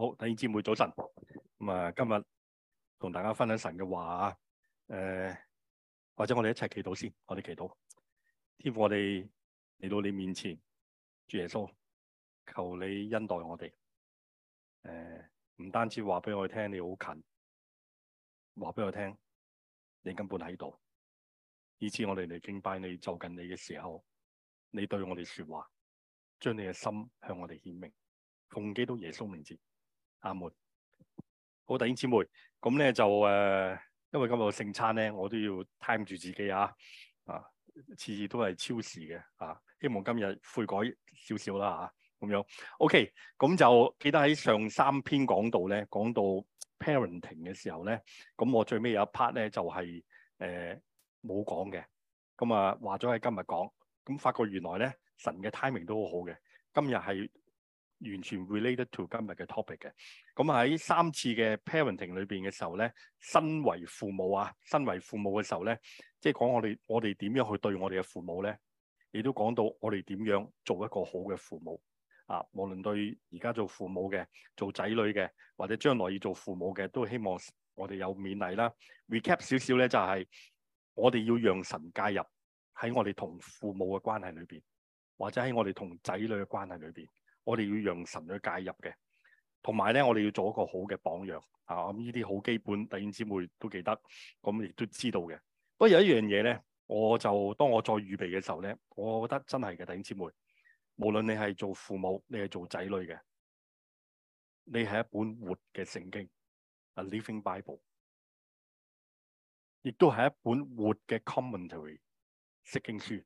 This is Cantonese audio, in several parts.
好，弟兄姊妹早晨。咁啊，今日同大家分享神嘅話，誒、呃，或者我哋一齊祈禱先。我哋祈禱，天父，我哋嚟到你面前，主耶穌，求你恩待我哋。誒、呃，唔單止話俾我哋聽你好近，話俾我聽你根本喺度，以致我哋嚟敬拜你、就近你嘅時候，你對我哋說話，將你嘅心向我哋顯明，奉基督耶穌名字。阿們，好弟兄姊妹，咁咧就誒、呃，因為今日聖餐咧，我都要 time 住自己啊，啊，次次都係超時嘅，啊，希望今日悔改少少啦吓，咁、啊、樣，ok，咁就記得喺上三篇講到咧，講到 parenting 嘅時候咧，咁我最尾有一 part 咧就係誒冇講嘅，咁啊話咗喺今日講，咁發覺原來咧神嘅 timing 都好好嘅，今日係。完全 related to 今日嘅 topic 嘅，咁喺三次嘅 parenting 裏邊嘅時候咧，身為父母啊，身為父母嘅時候咧，即係講我哋我哋點樣去對我哋嘅父母咧，亦都講到我哋點樣做一個好嘅父母啊！無論對而家做父母嘅、做仔女嘅，或者將來要做父母嘅，都希望我哋有勉勵啦。Recap 少少咧，就係我哋要讓神介入喺我哋同父母嘅關係裏邊，或者喺我哋同仔女嘅關係裏邊。我哋要讓神去介入嘅，同埋咧，我哋要做一個好嘅榜樣啊！咁呢啲好基本，弟兄姊妹都記得，咁亦都知道嘅。不過有一樣嘢咧，我就當我再預備嘅時候咧，我覺得真係嘅，弟兄姊妹，無論你係做父母，你係做仔女嘅，你係一本活嘅聖經，啊，Living Bible，亦都係一本活嘅 commentary 釋經書。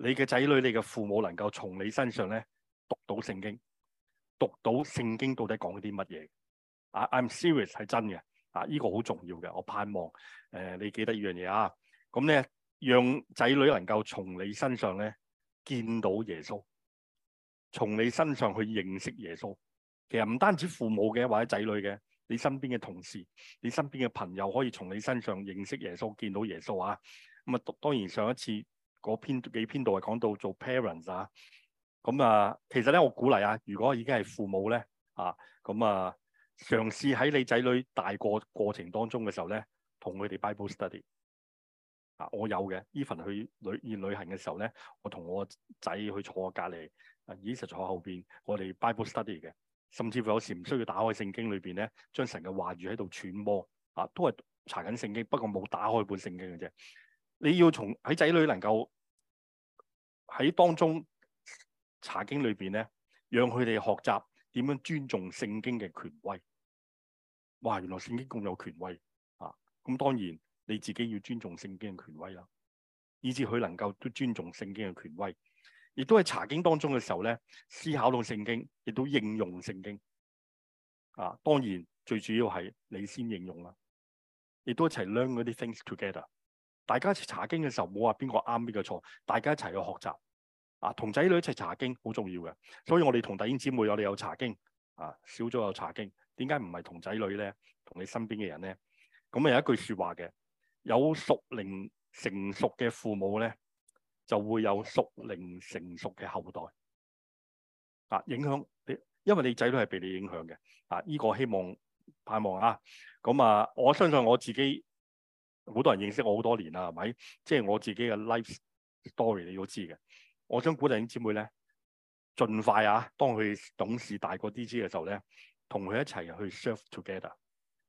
你嘅仔女，你嘅父母能夠從你身上咧，讀到聖經，讀到聖經到底講啲乜嘢？I'm serious，係真嘅。啊，呢、這個好重要嘅，我盼望誒、呃，你記得呢樣嘢啊。咁、嗯、咧，讓仔女能夠從你身上咧見到耶穌，從你身上去認識耶穌。其實唔單止父母嘅或者仔女嘅，你身邊嘅同事、你身邊嘅朋友，可以從你身上認識耶穌、見到耶穌啊。咁、嗯、啊，當然上一次嗰篇幾篇度係講到做 parents 啊。咁啊，其實咧，我鼓勵啊，如果已經係父母咧，啊，咁啊，嘗試喺你仔女大個過，過程當中嘅時候咧，同佢哋 Bible study。啊，我有嘅，even 去旅旅行嘅時候咧，我同我仔去坐我隔籬，咦，實坐後邊我哋 Bible study 嘅，甚至乎有時唔需要打開聖經裏邊咧，將神嘅話語喺度揣摩，啊，都係查緊聖經，不過冇打開本聖經嘅啫。你要從喺仔女能夠喺當中。查經裏邊咧，讓佢哋學習點樣尊重聖經嘅權威。哇，原來聖經咁有權威啊！咁當然你自己要尊重聖經嘅權威啦，以至佢能夠都尊重聖經嘅權威。亦都喺查經當中嘅時候咧，思考到聖經，亦都應用聖經。啊，當然最主要係你先應用啦。亦都一齊 learn 嗰啲 things together。大家一齊查經嘅時候，冇話邊個啱邊個錯，大家一齊去學習。啊，同仔女一齊查經好重要嘅，所以我哋同弟兄姊妹，我哋有查經，啊，小組有查經，點解唔係同仔女咧？同你身邊嘅人咧，咁啊有一句說話嘅，有熟齡成熟嘅父母咧，就會有熟齡成熟嘅後代。啊，影響你，因為你仔女係被你影響嘅。啊，呢個希望盼望啊，咁啊，我相信我自己好多人認識我好多年啦，係咪？即係我自己嘅 life story，你都知嘅。我想鼓勵啲姊妹咧，盡快啊！當佢懂事大個 dj 嘅時候咧，同佢一齊去 serve together，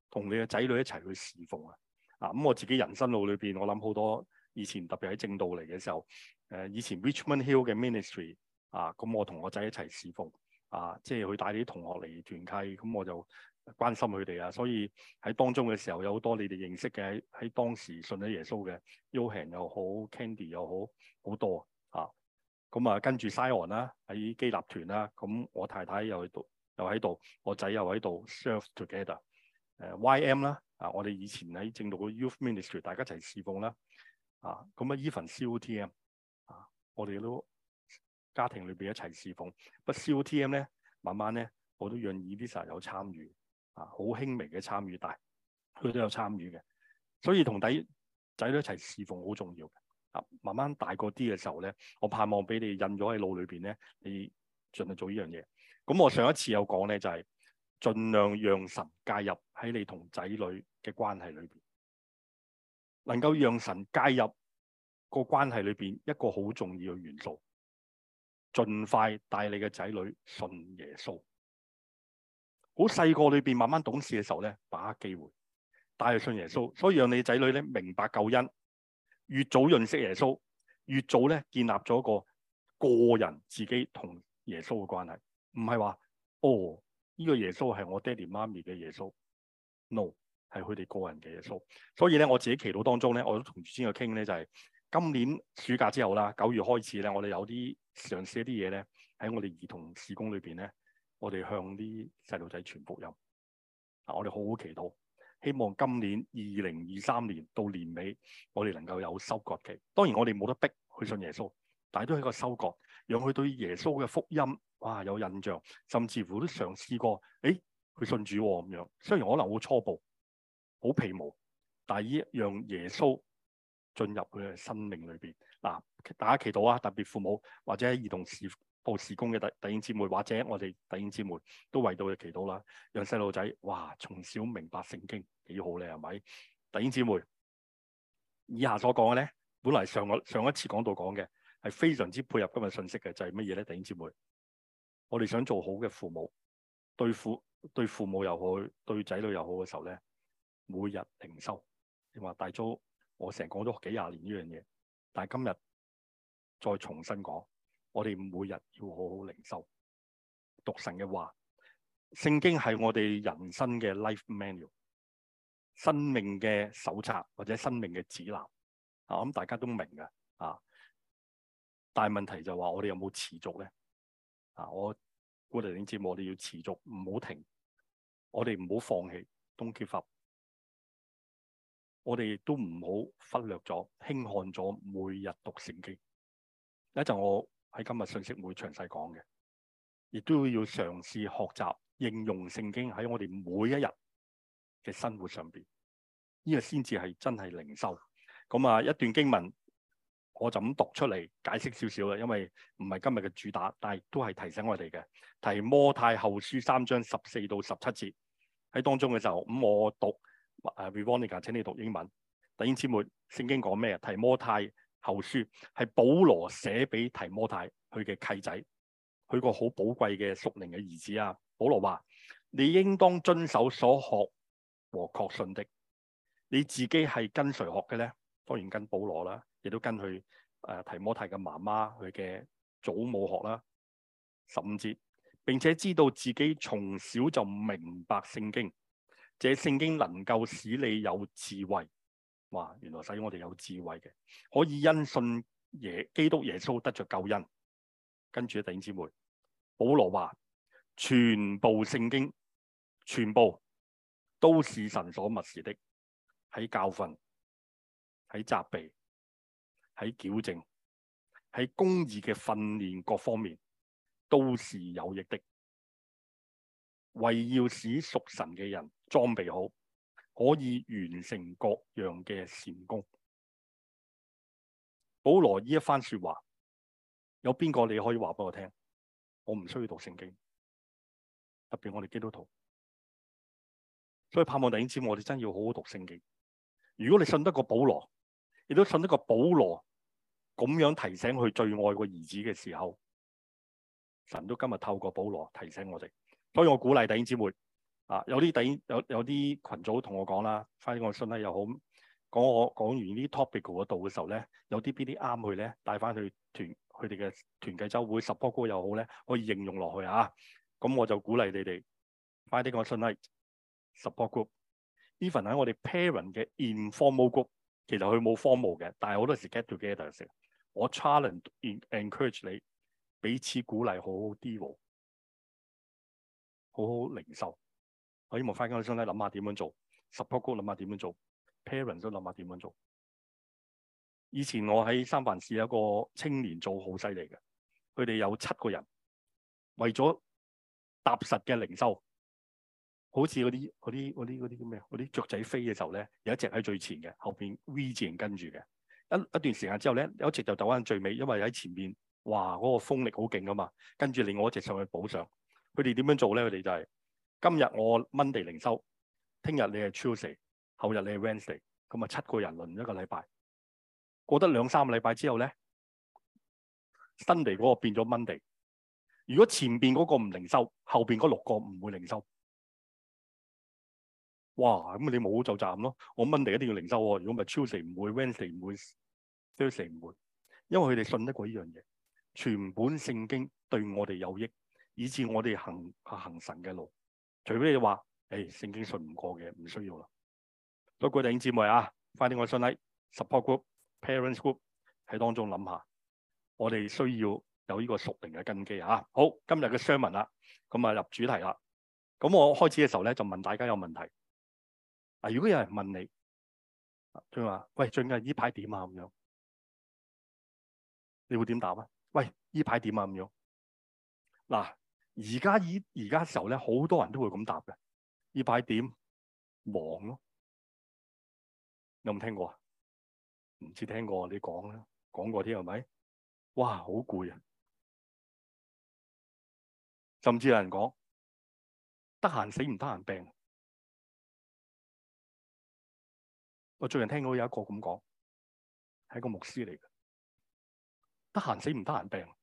同你嘅仔女一齊去侍奉啊！啊、嗯、咁，我自己人生路裏面，我諗好多以前特別喺正道嚟嘅時候，呃、以前 Richmond Hill 嘅 ministry 啊，咁、嗯、我同我仔一齊侍奉啊，即係去帶啲同學嚟團契，咁、嗯、我就關心佢哋啊。所以喺當中嘅時候有好多你哋認識嘅喺當時信咗耶穌嘅，Yohan 又好，Candy 又好，好多啊！咁啊，跟住西岸啦，喺基立團啦，咁我太太又喺度，又喺度，我仔又喺度，serve together，誒 Y.M 啦，M，啊，我哋以前喺正道嘅 Youth Ministry 大家一齊侍奉啦，啊，咁啊 Ethan C.O.T.M，啊，我哋都家庭裏邊一齊侍奉，不 C.O.T.M 咧，慢慢咧我都讓 Elisa 有參與，啊，好輕微嘅參與，但係佢都有參與嘅，所以同仔仔女一齊侍奉好重要。啊，慢慢大個啲嘅時候咧，我盼望俾你印咗喺腦裏邊咧，你盡量做呢樣嘢。咁我上一次有講咧，就係盡量讓神介入喺你同仔女嘅關係裏邊，能夠讓神介入個關係裏邊一個好重要嘅元素，盡快帶你嘅仔女信耶穌。好細個裏邊慢慢懂事嘅時候咧，把握機會帶佢信耶穌，所以讓你仔女咧明白救恩。越早認識耶穌，越早咧建立咗個個人自己同耶穌嘅關係。唔係話哦，呢個耶穌係我爹哋媽咪嘅耶穌。No，係佢哋個人嘅耶穌。所以咧，我自己祈禱當中咧，我都同主先去傾咧，就係今年暑假之後啦，九月開始咧，我哋有啲嘗試一啲嘢咧，喺我哋兒童事工裏邊咧，我哋向啲細路仔傳福音。嗱，我哋好好祈禱。希望今年二零二三年到年尾，我哋能夠有收割期。當然，我哋冇得逼佢信耶穌，但係都係一個收割，讓佢對耶穌嘅福音哇有印象，甚至乎都嘗試過，誒、哎、佢信主喎、哦、咁樣。雖然可能好初步好皮毛，但係依樣耶穌進入佢嘅生命裏邊嗱，大家祈禱啊，特別父母或者兒童時事工嘅第弟兄姊妹，或者我哋弟兄姊妹都為到佢祈禱啦，讓細路仔哇，從小明白聖經幾好咧，係咪？弟兄姊妹，以下所講嘅咧，本嚟上個上一次講到講嘅，係非常之配合今日信息嘅，就係乜嘢咧？弟兄姊妹，我哋想做好嘅父母，對父對父母又好，對仔女又好嘅時候咧，每日靈修，你話大咗，我成日講咗幾廿年呢樣嘢，但係今日再重新講。我哋每日要好好靈修，讀神嘅話，聖經係我哋人生嘅 life manual，生命嘅手冊或者生命嘅指南啊！咁大家都明嘅啊，但係問題就話我哋有冇持續咧啊？我鼓勵你節我哋要持續，唔好停，我哋唔好放棄，Don't give up，我哋亦都唔好忽略咗、輕看咗每日讀聖經。一陣我。喺今日信息會詳細講嘅，亦都要嘗試學習應用聖經喺我哋每一日嘅生活上邊，呢個先至係真係靈修。咁啊，一段經文我就咁讀出嚟解釋少少啦，因為唔係今日嘅主打，但係都係提醒我哋嘅。提摩太後書三章十四到十七節，喺當中嘅時候，咁我讀誒 Veronica，請你讀英文。突然之間，聖經講咩？提摩太。後書係保羅寫俾提摩太，佢嘅契仔，佢個好寶貴嘅屬靈嘅兒子啊！保羅話：你應當遵守所學和確信的，你自己係跟誰學嘅咧？當然跟保羅啦，亦都跟佢誒提摩太嘅媽媽，佢嘅祖母學啦。十五節，並且知道自己從小就明白聖經，這聖經能夠使你有智慧。哇原來使我哋有智慧嘅，可以因信耶基督耶穌得着救恩。跟住弟兄姊妹，保羅話：全部聖經，全部都是神所默示的，喺教訓、喺責備、喺矯正、喺公義嘅訓練各方面，都是有益的，為要使屬神嘅人裝備好。可以完成各樣嘅善功。保羅依一番說話，有邊個你可以話俾我聽？我唔需要讀聖經，特別我哋基督徒。所以盼望弟兄姊妹，我哋真要好好讀聖經。如果你信得過保羅，亦都信得過保羅咁樣提醒佢最愛個兒子嘅時候，神都今日透過保羅提醒我哋。所以我鼓勵弟兄姊妹。啊！有啲底有有啲羣組同我講啦，快啲我信啦又好，講我講完啲 topic 嘅度嘅時候咧，有啲邊啲啱佢咧，帶翻去團佢哋嘅團契周會 support group 又好咧，可以應用落去啊！咁、啊、我就鼓勵你哋快啲我信啦，support group，even 喺我哋 parent 嘅 informal group，其實佢冇 formal 嘅，但係好多時 get together 時，我 challenge encourage 你彼此鼓勵，好好 devo，好好靈修。我依家翻翻去先咧，諗下點樣做。support group 諗下點樣做，parents 都諗下點樣做。以前我喺三藩市有一個青年組好犀利嘅，佢哋有七個人為咗踏實嘅靈修，好似嗰啲啲啲啲叫咩啊？啲雀仔飛嘅時候咧，有一隻喺最前嘅，後邊 V 字形，跟住嘅。一一段時間之後咧，有一隻就走翻最尾，因為喺前面，哇嗰、那個風力好勁啊嘛。跟住另外一隻上去補上。佢哋點樣做咧？佢哋就係、是。今日我 Monday 零收，聽日你係 Tuesday，後日你係 Wednesday，咁啊，七個人輪一個禮拜，過得兩三個禮拜之後咧，Sunday 嗰個變咗 Monday。如果前邊嗰個唔零收，後邊嗰六個唔會零收。哇，咁你冇就站咯。我 Monday 一定要零收喎，如果咪 Tuesday 唔會，Wednesday 唔會，Thursday 唔會，會，會，會，因為佢哋信得過呢樣嘢，全本聖經對我哋有益，以至我哋行行神嘅路。除非你話，誒、哎、聖經信唔過嘅，唔需要啦。嗰個弟兄姊妹啊，快啲我信禮 support group、parents group 喺當中諗下，我哋需要有呢個屬靈嘅根基啊。好，今日嘅 sermon 啦，咁啊入主題啦。咁我開始嘅時候咧，就問大家有問題。嗱，如果有人問你，佢話，喂，最近依排點啊？咁樣，你會點答啊？喂，依排點啊？咁樣，嗱，而家依而家嘅時候咧，好多人都會咁答嘅。呢排點忙咯、啊？有冇聽過啊？唔知聽過，你講啦，講過添，係咪？哇，好攰啊！甚至有人講：得閒死唔得閒病。我最近聽到有一個咁講，係一個牧師嚟嘅，得閒死唔得閒病。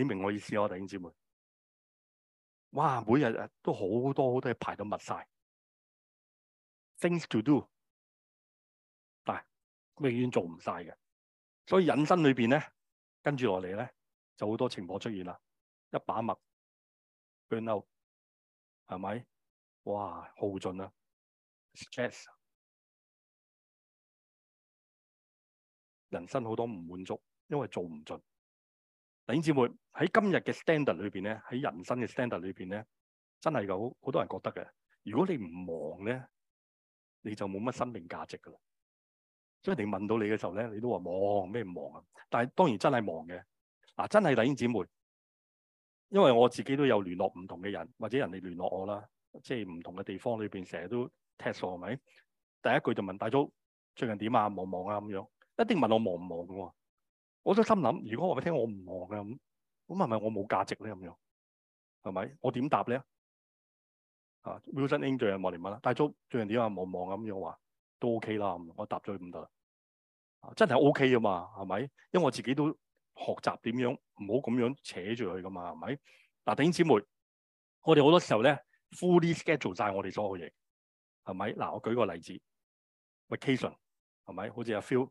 你明我意思啊，弟兄姊妹？哇，每日啊都好多好多嘢排到密晒，things to do，但永遠做唔晒嘅，所以人生裏邊咧，跟住落嚟咧就好多情況出現啦，一把密，burn out，係咪？哇，耗盡啊，stress，人生好多唔滿足，因為做唔盡。弟兄姊妹喺今日嘅 standard 裏邊咧，喺人生嘅 standard 裏邊咧，真係有好多人覺得嘅。如果你唔忙咧，你就冇乜生命價值噶啦。所以你問到你嘅時候咧，你都話忙咩唔忙啊？但係當然真係忙嘅。嗱、啊，真係弟兄姊妹，因為我自己都有聯絡唔同嘅人，或者人哋聯絡我啦，即係唔同嘅地方裏邊，成日都 test 係咪？第一句就問大嫂最近點啊？忙唔忙啊？咁樣一定問我忙唔忙㗎喎、哦。我都心諗，如果我俾聽我唔忙嘅咁咁係咪我冇價值咧咁樣？係咪？我點答咧？啊，Wilson Angel 有冇連麥啦？但係最近點，OK、啊？忙唔忙咁樣話都 OK 啦。我答咗佢唔得啦。真係 OK 㗎嘛，係咪？因為我自己都學習點樣唔好咁樣扯住佢噶嘛，係咪？嗱、啊，弟兄姐妹，我哋好多時候咧 fully schedule 晒我哋所有嘢，係咪？嗱、啊，我舉個例子，vacation 係咪？好似阿 Phil。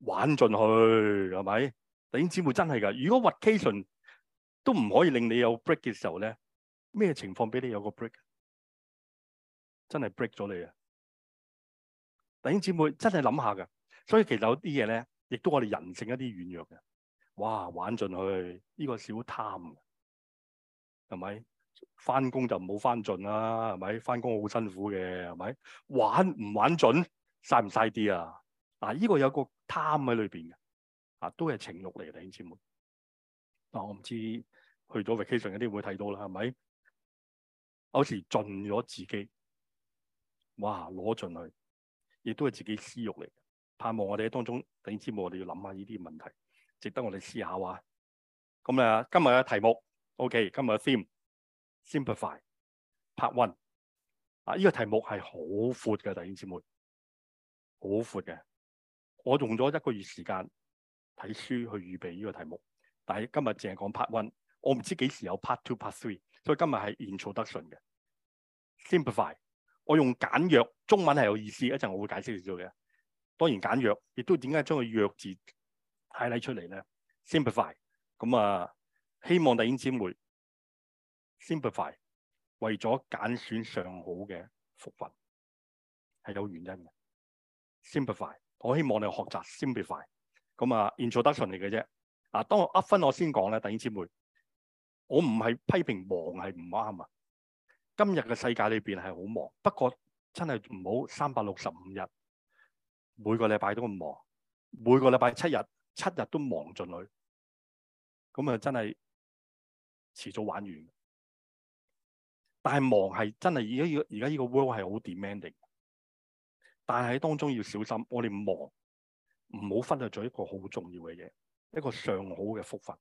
玩進去，係咪？弟兄姊妹真係噶，如果 vacation 都唔可以令你有 break 嘅時候咧，咩情況俾你有個 break？真係 break 咗你啊！弟兄姊妹真係諗下噶，所以其實有啲嘢咧，亦都我哋人性一啲軟弱嘅。哇，玩進去呢、這個小貪嘅係咪？翻工就唔好翻盡啦，係咪？翻工好辛苦嘅，係咪？玩唔玩盡，晒唔晒啲啊？嗱，依個有個貪喺裏邊嘅，啊，都係情欲嚟嘅，弟兄姊妹。嗱、啊，我唔知去咗 vacation 嗰啲會睇到啦，係咪？有時盡咗自己，哇，攞進去，亦都係自己私欲嚟嘅。盼望我哋喺當中，弟兄姊妹，我哋要諗下呢啲問題，值得我哋思考啊。咁啊，今日嘅題目，OK，今日嘅 theme simplify part one。啊，依個題目係好闊嘅，弟兄姊妹，好闊嘅。我用咗一個月時間睇書去預備呢個題目，但係今日淨係講 part one，我唔知幾時有 part two、part three，所以今日係延錯得順嘅。Simplify，我用簡約中文係有意思，一陣我會解釋少少嘅。當然簡約，亦都點解將個約字帶嚟出嚟咧？Simplify，咁啊，希望弟兄姊妹 Simplify，為咗揀選上好嘅福分係有原因嘅。Simplify。我希望你學習 simplify，咁啊，introduction 嚟嘅啫。啊，當我噏分我先講咧，弟兄姊妹，我唔係批評忙係唔啱啊！今日嘅世界裏邊係好忙，不過真係唔好三百六十五日每個禮拜都咁忙，每個禮拜七日七日都忙盡佢，咁啊真係遲早玩完。但係忙係真係而家要而家呢個 world 係好 demanding。但係喺當中要小心，我哋忙唔好忽略咗一個好重要嘅嘢，一個上好嘅福分，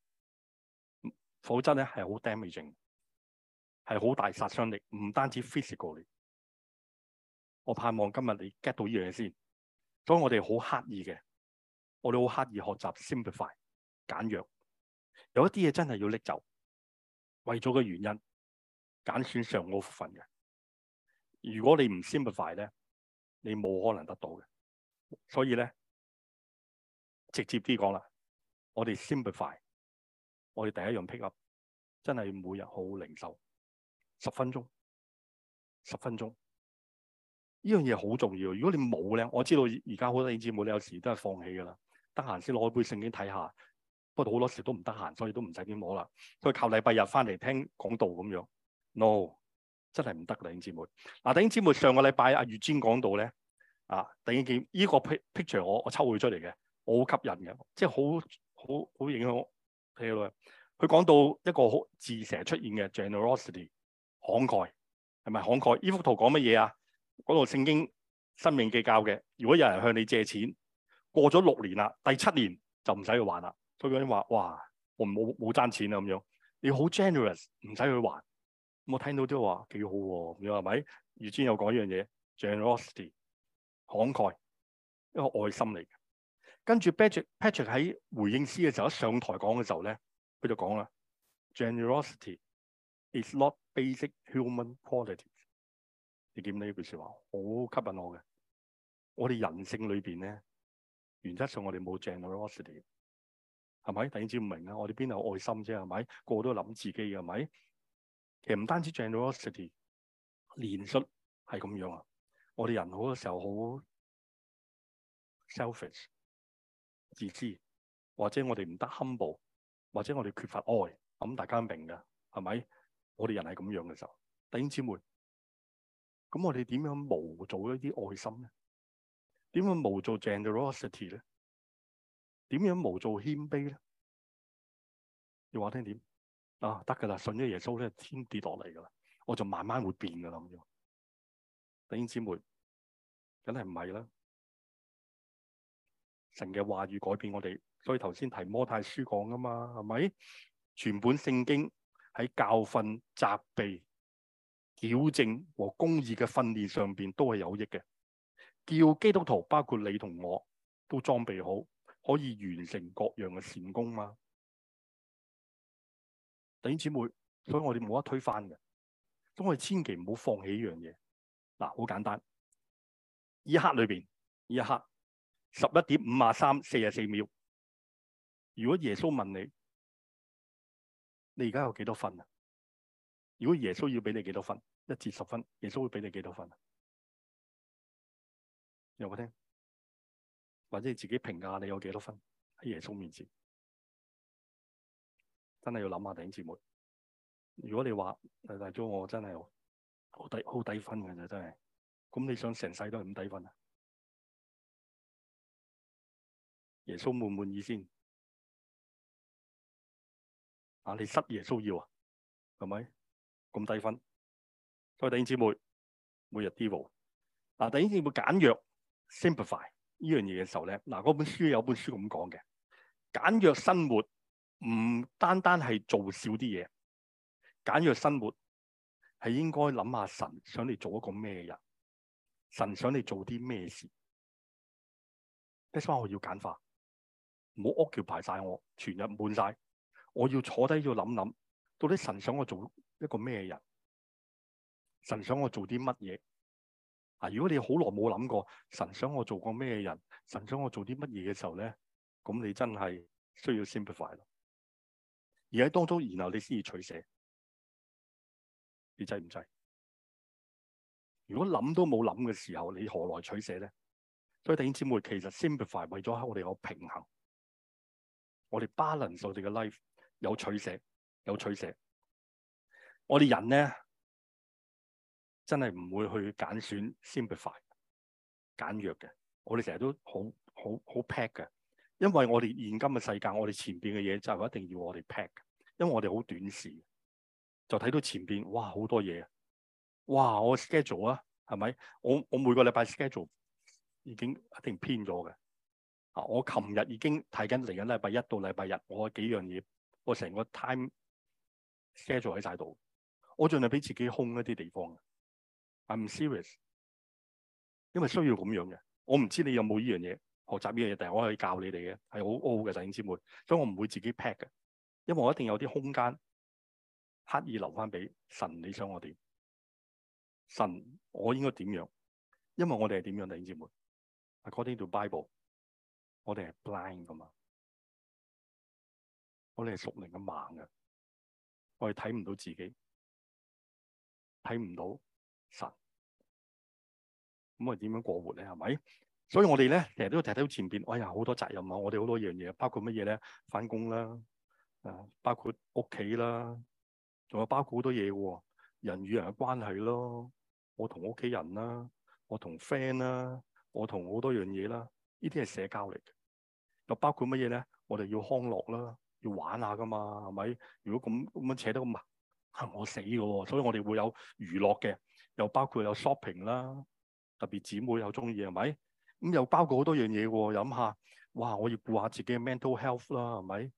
否則咧係好 damaging，係好大殺傷力，唔單止 physical。我盼望今日你 get 到呢樣嘢先，所以我哋好刻意嘅，我哋好刻意學習 simplify 簡約，有一啲嘢真係要拎走，為咗個原因揀選上好福分嘅。如果你唔 simplify 咧。你冇可能得到嘅，所以咧直接啲講啦，我哋 simplify，我哋第一樣 pick up，真係每日好靈修，十分鐘，十分鐘，呢樣嘢好重要。如果你冇咧，我知道而家好多弟兄姊妹你有時都係放棄㗎啦，得閒先攞杯聖經睇下，不過好多時都唔得閒，所以都唔使點摸啦。佢靠禮拜日翻嚟聽講道咁樣，no。真係唔得啦，弟兄姊妹。嗱，弟兄姊妹，上個禮拜阿月尖講到咧，啊，第一件依個 picture 我我抽佢出嚟嘅，我好吸引嘅，即係好好好影響我睇落去。佢講到一個好字成日出現嘅 generosity 慷慨，係咪慷慨？依幅圖講乜嘢啊？講到聖經申命記教嘅，如果有人向你借錢，過咗六年啦，第七年就唔使去還啦。佢嗰啲話哇，我冇冇爭錢啊咁樣，你好 generous，唔使去還。我聽到都話幾好喎、啊，你話咪？余尊有講一樣嘢，generosity 慷慨一個愛心嚟。跟住 Pat Patrick Patrick 喺回應詩嘅時候，一上台講嘅時候咧，佢就講啦：generosity is not basic human quality。你點咧？呢句說話好吸引我嘅。我哋人性裏邊咧，原則上我哋冇 generosity，係咪？第二朝唔明啊，我哋邊有愛心啫，係咪？個個都諗自己嘅，係咪？其實唔單止 generosity，連術係咁樣啊！我哋人好多時候好 selfish，自私，或者我哋唔得 humble，或者我哋缺乏愛。咁大家明嘅係咪？我哋人係咁樣嘅時候，弟兄姊妹，咁我哋點樣無做一啲愛心咧？點樣無做 generosity 咧？點樣無做謙卑咧？你話聽點？啊，得噶啦！信咗耶穌咧，天跌落嚟噶啦，我就慢慢會變噶啦咁樣。弟兄姊妹，梗係唔係啦。神嘅話語改變我哋，所以頭先提摩太書講噶嘛，係咪？全本聖經喺教訓、責備、矯正和公義嘅訓練上邊都係有益嘅。叫基督徒包括你同我都裝備好，可以完成各樣嘅善功嘛。弟兄姊妹，所以我哋冇得推翻嘅，咁我哋千祈唔好放棄呢樣嘢。嗱，好簡單，一刻裏邊，一刻十一點五啊，三四啊，四秒。如果耶穌問你，你而家有幾多分啊？如果耶穌要俾你幾多分，一至十分，耶穌會俾你幾多分？有冇聽，或者你自己評價你有幾多分喺耶穌面前。真係要諗下，弟兄姊妹。如果你話誒大哥，我真係好低好低分嘅，就真係。咁你想成世都係咁低分啊？耶穌滿唔滿意先？啊，你失耶穌要啊，係咪？咁低分，各位弟兄姊妹，每日 DVO。嗱、啊，弟兄姊妹簡約 simplify 呢樣嘢嘅時候咧，嗱、啊，嗰本書有本書咁講嘅，簡約生活。唔單單係做少啲嘢，簡約生活係應該諗下神想你做一個咩人，神想你做啲咩事。第一，我要簡化，唔好屋叫排晒我，全日滿晒，我要坐低要諗諗，到底神想我做一個咩人，神想我做啲乜嘢啊？如果你好耐冇諗過神想我做個咩人，神想我做啲乜嘢嘅時候咧，咁你真係需要 simplify 咯。而喺當中，然後你先至取捨，你制唔制？如果諗都冇諗嘅時候，你何來取捨咧？所以弟兄姊妹，其實 simplify 為咗我哋有平衡，我哋 balance 我哋嘅 life 有取捨，有取捨。我哋人咧真係唔會去揀選 simplify 簡約嘅，我哋成日都好好好 pack 嘅。因為我哋現今嘅世界，我哋前面嘅嘢就係一定要我哋 pack。因為我哋好短視，就睇到前面，哇好多嘢！哇，我 schedule 啊，係咪？我我每個禮拜 schedule 已經一定編咗嘅。啊，我琴日已經睇緊嚟緊禮拜一到禮拜日，我幾樣嘢，我成個 time schedule 喺晒度。我盡量俾自己空一啲地方。I'm serious，因為需要咁樣嘅。我唔知你有冇呢樣嘢？學習呢樣嘢，但係我可以教你哋嘅，係好 O 嘅弟兄姊妹，所以我唔會自己 pack 嘅，因為我一定有啲空間刻意留翻俾神，你想我點？神我應該點樣？因為我哋係點樣，弟兄姊妹？According to Bible，我哋係 blind 噶嘛，我哋係屬靈嘅盲嘅，我哋睇唔到自己，睇唔到神，咁我哋點樣過活咧？係咪？所以我哋咧成日都睇睇到前邊，哎呀好多責任啊！我哋好多樣嘢，包括乜嘢咧？翻工啦，啊，包括屋企啦，仲有包括好多嘢喎、啊。人與人嘅關係咯，我同屋企人啦，我同 friend 啦，我同好多樣嘢啦。呢啲係社交嚟嘅，又包括乜嘢咧？我哋要康樂啦，要玩下噶嘛，係咪？如果咁咁樣扯得咁埋，嚇我死嘅喎！所以我哋會有娛樂嘅，又包括有 shopping 啦，特別姊妹又中意係咪？是咁又包括好多樣嘢喎，又諗下，哇！我要顧下自己嘅 mental health 啦，係咪？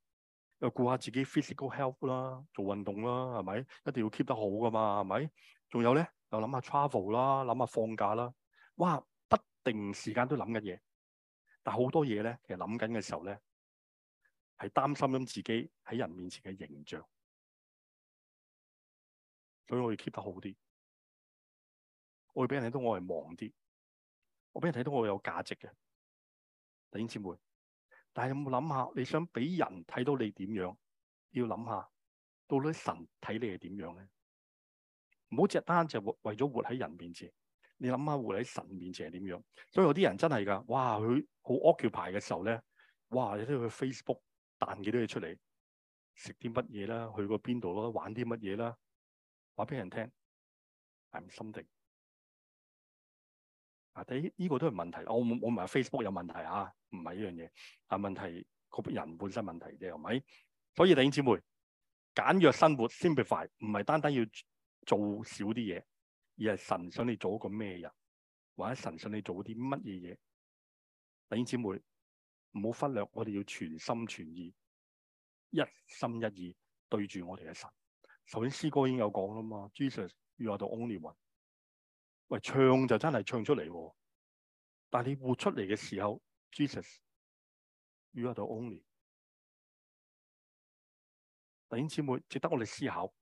又顧下自己 physical health 啦，做運動啦，係咪？一定要 keep 得好噶嘛，係咪？仲有咧，又諗下 travel 啦，諗下放假啦，哇！不定時間都諗緊嘢，但係好多嘢咧，其實諗緊嘅時候咧，係擔心自己喺人面前嘅形象，所以我要 keep 得好啲，我要俾人睇到我係忙啲。我俾人睇到我有價值嘅，弟兄姊妹。但係有冇諗下你想俾人睇到你點樣？要諗下到底神睇你係點樣咧？唔好隻單就為咗活喺人面前。你諗下活喺神面前係點樣？所以有啲人真係㗎，哇！佢好 Occupy 嘅時候咧，哇！你都要去 Facebook 彈幾多嘢出嚟，食啲乜嘢啦，去過邊度咯，玩啲乜嘢啦，話俾人聽。I'm something。啊！第、這、依個都係問題，我冇冇話 Facebook 有問題啊？唔係呢樣嘢，啊問題個人本身問題啫，係咪？所以弟兄姊妹，簡約生活 simplify，唔係單單要做少啲嘢，而係神想你做一個咩人，或者神想你做啲乜嘢？弟兄姊妹，唔好忽略，我哋要全心全意、一心一意對住我哋嘅神。頭先詩歌已經有講啦嘛，Jesus You Are The Only One。喂，唱就真係唱出嚟，但係你活出嚟嘅時候，Jesus，You are the only。弟兄姐妹，值得我哋思考，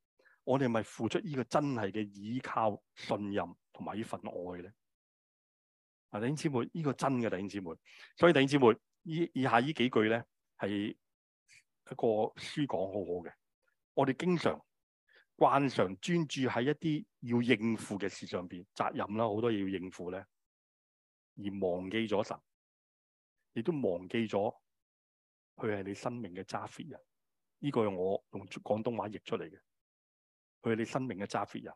我哋咪付出呢個真係嘅依靠、信任同埋呢份愛咧。啊，弟兄姐妹，呢個真嘅，弟兄姐妹，所以弟兄姐妹，呢以下呢幾句咧，係一個書講好好嘅，我哋經常。慣常專注喺一啲要應付嘅事上邊，責任啦，好多嘢要應付咧，而忘記咗神，亦都忘記咗佢係你生命嘅揸 fit 人。呢個係我用廣東話譯出嚟嘅，佢係你生命嘅揸 fit 人。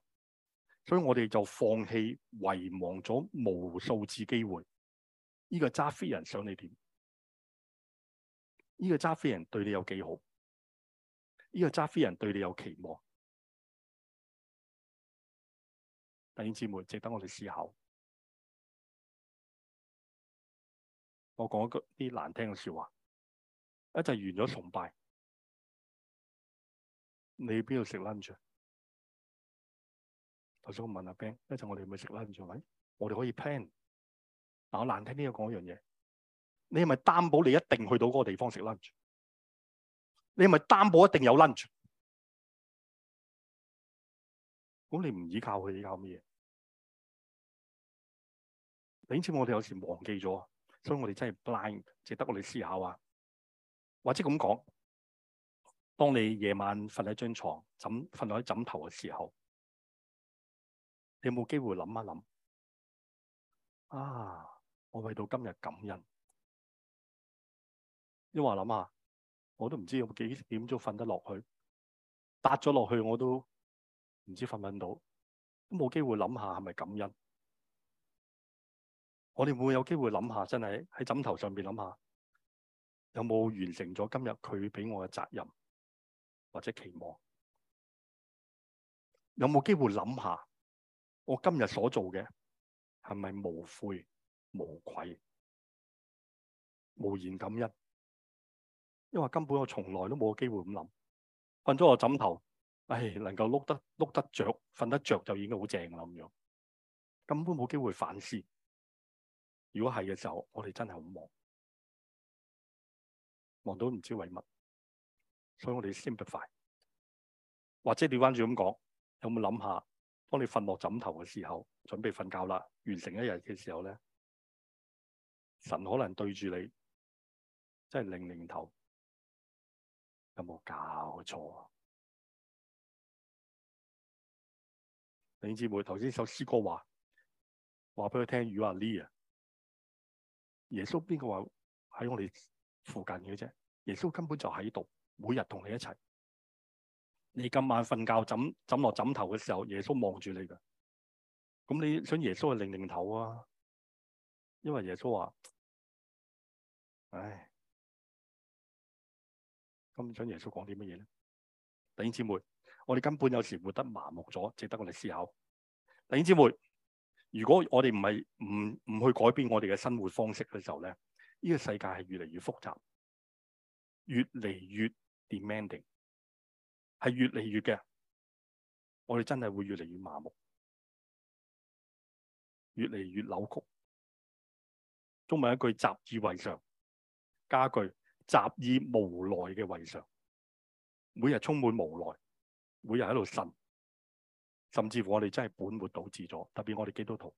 所以我哋就放棄遺忘咗無數次機會。呢個揸 fit 人想你點？呢個揸 fit 人對你有幾好？呢個揸 fit 人對你有期望？弟兄姊妹，值得我哋思考。我講啲難聽嘅說話，一陣完咗崇拜，你邊度食 lunch？我想問下阿 Ben 一陣我哋咪食 lunch 咪？我哋可以 plan。嗱，我難聽啲要講一樣嘢，你係咪擔保你一定去到嗰個地方食 lunch？你係咪擔保一定有 lunch？咁你唔依靠佢，你靠乜嘢？要你知我哋有時忘記咗，所以我哋真係 blind，值得我哋思考啊！或者咁講，當你夜晚瞓喺張床枕、瞓落喺枕頭嘅時候，你有冇機會諗一諗啊？我為到今日感恩，因為諗下我都唔知有幾點鐘瞓得落去，搭咗落去我都唔知瞓唔瞓到，都冇機會諗下係咪感恩。我哋會唔會有機會諗下，真係喺枕頭上邊諗下，有冇完成咗今日佢俾我嘅責任或者期望？有冇機會諗下我今日所做嘅係咪無悔無愧、無言感恩？因為根本我從來都冇機會咁諗，瞓咗個枕頭，唉、哎，能夠碌得碌得著、瞓得着就已經好正啦。咁樣根本冇機會反思。如果係嘅時候，我哋真係好忙，忙到唔知為乜，所以我哋 simplify，或者調翻轉咁講，有冇諗下，當你瞓落枕頭嘅時候，準備瞓覺啦，完成一日嘅時候咧，神可能對住你，真係擰擰頭，有冇搞錯啊？弟兄姊妹，頭先首詩歌話，話俾佢聽與阿利亞。耶穌邊個話喺我哋附近嘅啫？耶穌根本就喺度，每日同你一齊。你今晚瞓覺枕枕落枕頭嘅時候，耶穌望住你噶。咁你想耶穌係擰擰頭啊？因為耶穌話：唉，咁想耶穌講啲乜嘢咧？弟兄姐妹，我哋根本有時活得麻木咗，值得我哋思考。弟兄姐妹。如果我哋唔係唔唔去改變我哋嘅生活方式嘅時候咧，呢個世界係越嚟越複雜，越嚟越 demanding，係越嚟越嘅，我哋真係會越嚟越麻木，越嚟越扭曲。中文一句習以為常，加一句習以無奈嘅為常，每日充滿無奈，每日喺度呻。甚至乎我哋真係本末倒置咗，特別我哋基督徒。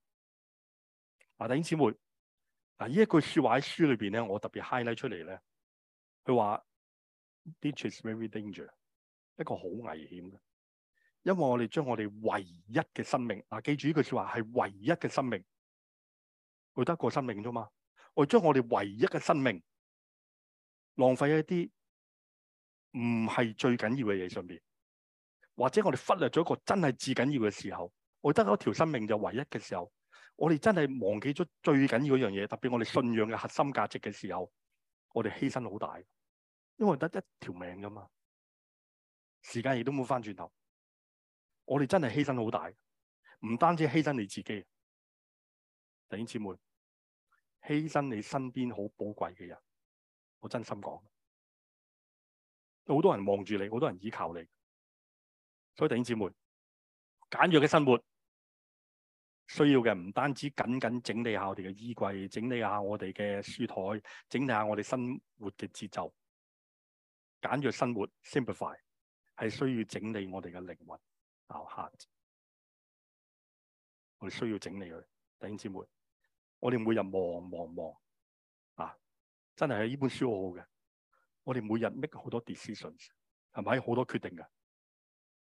弟兄姊妹，嗱呢一句說話喺書裏面咧，我特別 highlight 出嚟咧。佢話 dangerous，very dangerous 一個好危險嘅，因為我哋將我哋唯一嘅生命。嗱，記住呢句說話係唯一嘅生命，我得一個生命啫嘛。我將我哋唯一嘅生命浪費喺一啲唔係最緊要嘅嘢上面。或者我哋忽略咗一個真係至緊要嘅時候，我得到條生命就唯一嘅時候，我哋真係忘記咗最緊要嗰樣嘢，特別我哋信仰嘅核心價值嘅時候，我哋犧牲好大，因為得一條命㗎嘛，時間亦都冇返轉頭，我哋真係犧牲好大，唔單止犧牲你自己，弟兄姊妹，犧牲你身邊好寶貴嘅人，我真心講，有好多人望住你，好多人依靠你。所以弟兄姊妹，簡約嘅生活需要嘅唔單止僅僅整理下我哋嘅衣櫃，整理下我哋嘅書枱，整理下我哋生活嘅節奏。簡約生活 （simplify） 係需要整理我哋嘅靈魂啊！吓，我哋需要整理佢。弟兄姊妹，我哋每日忙忙忙啊！真係喺呢本書好好嘅，我哋每日 make 好多 decisions，係咪？好多決定嘅。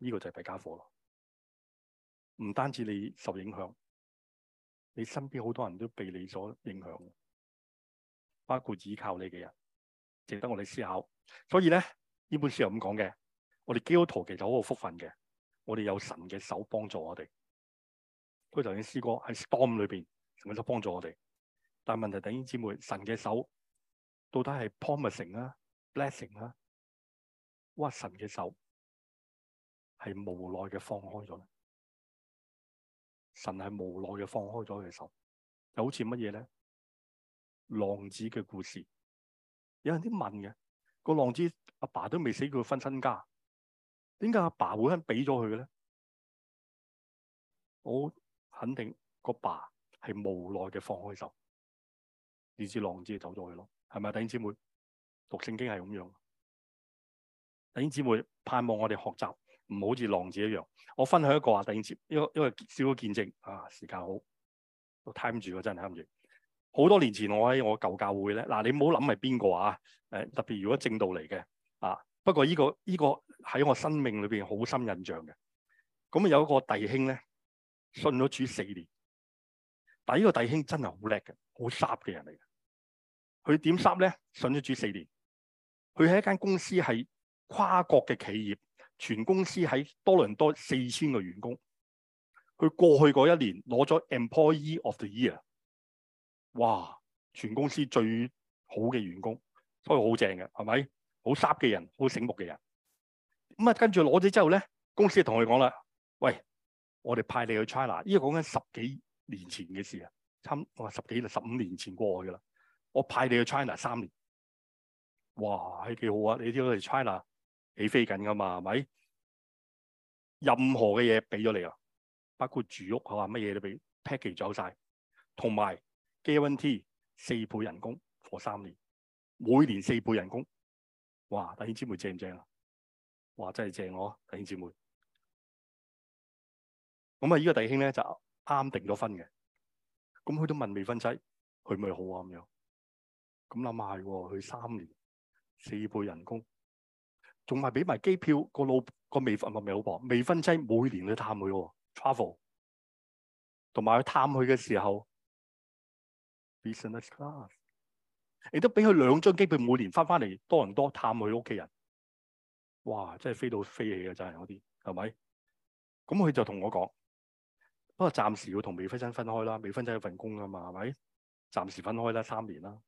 呢個就係弊家伙咯，唔單止你受影響，你身邊好多人都被你所影響，包括依靠你嘅人，值得我哋思考。所以咧，呢本書又咁講嘅，我哋基督徒其實好有福分嘅，我哋有神嘅手幫助我哋。佢頭先試過喺 storm 裏邊神嘅手幫助我哋，但係問題，弟兄姊妹，神嘅手到底係 promising 啦、啊，blessing 啦、啊，哇，神嘅手！係無奈嘅放開咗，神係無奈嘅放開咗佢嘅手，又好似乜嘢咧？浪子嘅故事，有人啲問嘅，個浪子阿爸都未死，佢分身家，點解阿爸會肯俾咗佢嘅咧？我肯定個爸係無奈嘅放開手，以致浪子走咗去咯，係咪？弟兄姊妹讀聖經係咁樣，弟兄姊妹盼望我哋學習。唔好似浪子一樣，我分享一個啊，第接，次，因因為少咗見證啊，時間好都 time 住喎，真係 time 住。好多年前我喺我舊教會咧，嗱你唔好諗係邊個啊？誒、啊、特別如果正道嚟嘅啊，不過依、這個依、這個喺我生命裏邊好深印象嘅。咁啊，有一個弟兄咧信咗主四年，但呢個弟兄真係好叻嘅，好雜嘅人嚟嘅。佢點雜咧？信咗主四年，佢喺一間公司係跨國嘅企業。全公司喺多倫多四千個員工，佢過去嗰一年攞咗 Employee of the Year，哇！全公司最好嘅員工，所以好正嘅，係咪？好 sharp 嘅人，好醒目嘅人。咁啊，跟住攞咗之後咧，公司就同佢講啦：，喂，我哋派你去 China。依個講緊十幾年前嘅事啊，差唔多十幾、十五年前過去噶啦。我派你去 China 三年，哇，係幾好啊！你知我哋 China。起飛緊㗎嘛，係咪？任何嘅嘢俾咗你啦，包括住屋，佢話，乜嘢都俾 package 好曬，同埋 guarantee 四倍人工，坐三年，每年四倍人工，哇！弟兄姊妹正唔正啊？哇！真係正我，弟兄姊妹。咁啊，依個弟兄咧就啱定咗婚嘅，咁佢都問未婚妻去咪好啊咁樣，咁諗下喎，去三年四倍人工。仲俾埋機票，個老個未婚未老婆未婚妻每年去探佢喎，travel 同埋去探佢嘅時候 business class，亦都俾佢兩張機票每年翻翻嚟多人多探佢屋企人。哇！真係飛到飛起啊！真係嗰啲係咪？咁佢就同我講，不過暫時要同未婚妻分開啦，未婚妻有份工㗎嘛，係咪？暫時分開啦，三年啦，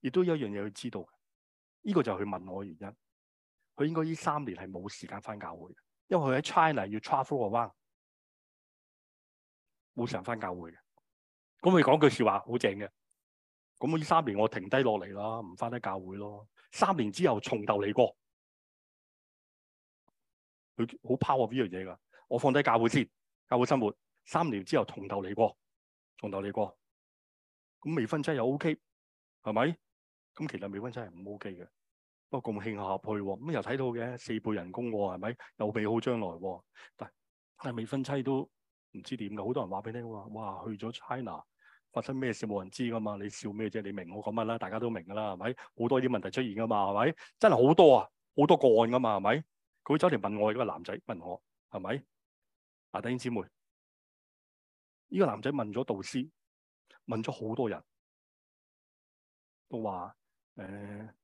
亦都有一樣嘢要知道，嘅，呢個就係佢問我嘅原因。佢應該呢三年係冇時間翻教會嘅，因為佢喺 China 要 travel 嘅話，冇時間翻教會嘅。咁佢講句說話好正嘅，咁我呢三年我停低落嚟啦，唔翻得教會咯。三年之後重頭嚟過，佢好拋下呢樣嘢㗎。我放低教會先，教會生活三年之後重頭嚟過，重頭嚟過。咁未婚妻又 O K，係咪？咁其實未婚妻係唔 O K 嘅。都咁慶下去喎、哦，咁又睇到嘅四倍人工喎、哦，係咪又美好將來喎、哦？但係未婚妻都唔知點嘅，好多人話俾你喎。哇，去咗 China 發生咩事冇人知噶嘛？你笑咩啫？你明我講乜啦？大家都明噶啦，係咪？好多啲問題出現噶嘛，係咪？真係好多啊，好多個案噶嘛，係咪？佢走嚟問我嘅個男仔問我係咪啊？弟兄姊妹，呢、這個男仔問咗導師，問咗好多人，都話誒。欸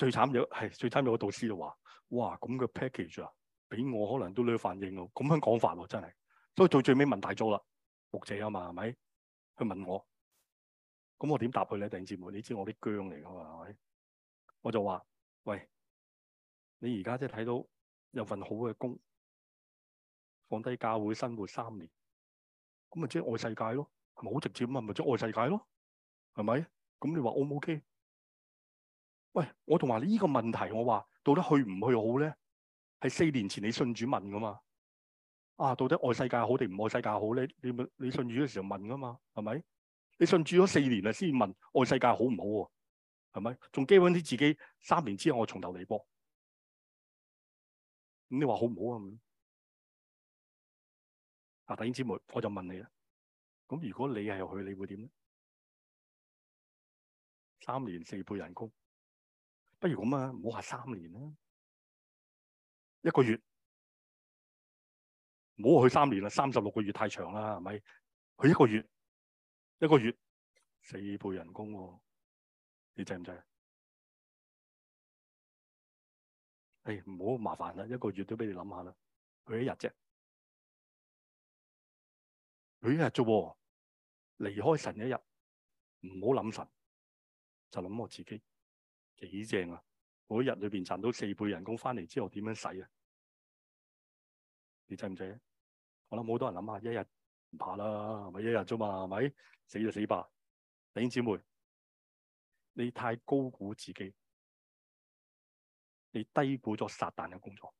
最慘就係最慘就個導師就話：哇，咁嘅 package 啊，俾我可能都亂反應喎。咁樣講法喎，啊，真係。所以到最尾問大咗啦，牧者啊嘛，係咪？佢問我，咁我點答佢咧？弟兄姊妹，你知我啲姜嚟㗎嘛？係咪？我就話：喂，你而家即係睇到有份好嘅工，放低教會生活三年，咁咪即係愛世界咯？係咪好直接咁啊？咪即係愛世界咯？係咪？咁你話 O 唔 O K？喂，我同話呢個問題，我話到底去唔去好咧？係四年前你信主問噶嘛？啊，到底愛世界好定唔愛世界好咧？你你信主嘅時候問噶嘛？係咪？你信主咗四年啦，先問愛世界好唔好喎，啊？係咪？仲基穩啲自己三年之後我從頭嚟過，咁你話好唔好啊？啊，弟兄姊妹，我就問你啦。咁如果你係去，你會點咧？三年四倍人工。不如咁啊，唔好話三年啦，一個月，唔好話去三年啦，三十六個月太長啦，係咪？佢一個月，一個月四倍人工，哦，你制唔制？誒、哎，唔好麻煩啦，一個月都俾你諗下啦，佢一日啫，佢一日啫，啊，離開神一日，唔好諗神，就諗我自己。幾正啊！每一日裏邊賺到四倍人工，翻嚟之後點樣使啊？你制唔制啊？我諗好多人諗下，一日唔怕啦，咪一日啫嘛，係咪？死就死吧。弟兄姊妹，你太高估自己，你低估咗撒旦嘅工作，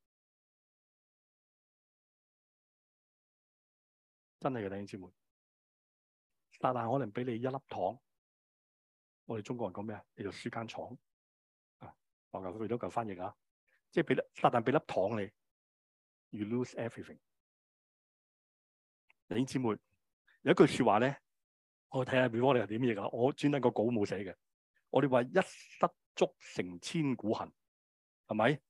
真係嘅。弟兄姊妹，撒旦可能俾你一粒糖，我哋中國人講咩啊？你就輸間廠。我教佢哋都夠翻譯啊，即係俾粒撒但俾粒糖你，you lose everything。弟兄姊妹，有一句說話咧，我睇下俾我哋點譯啊。我專登個稿冇寫嘅，我哋話一失足成千古恨，係咪？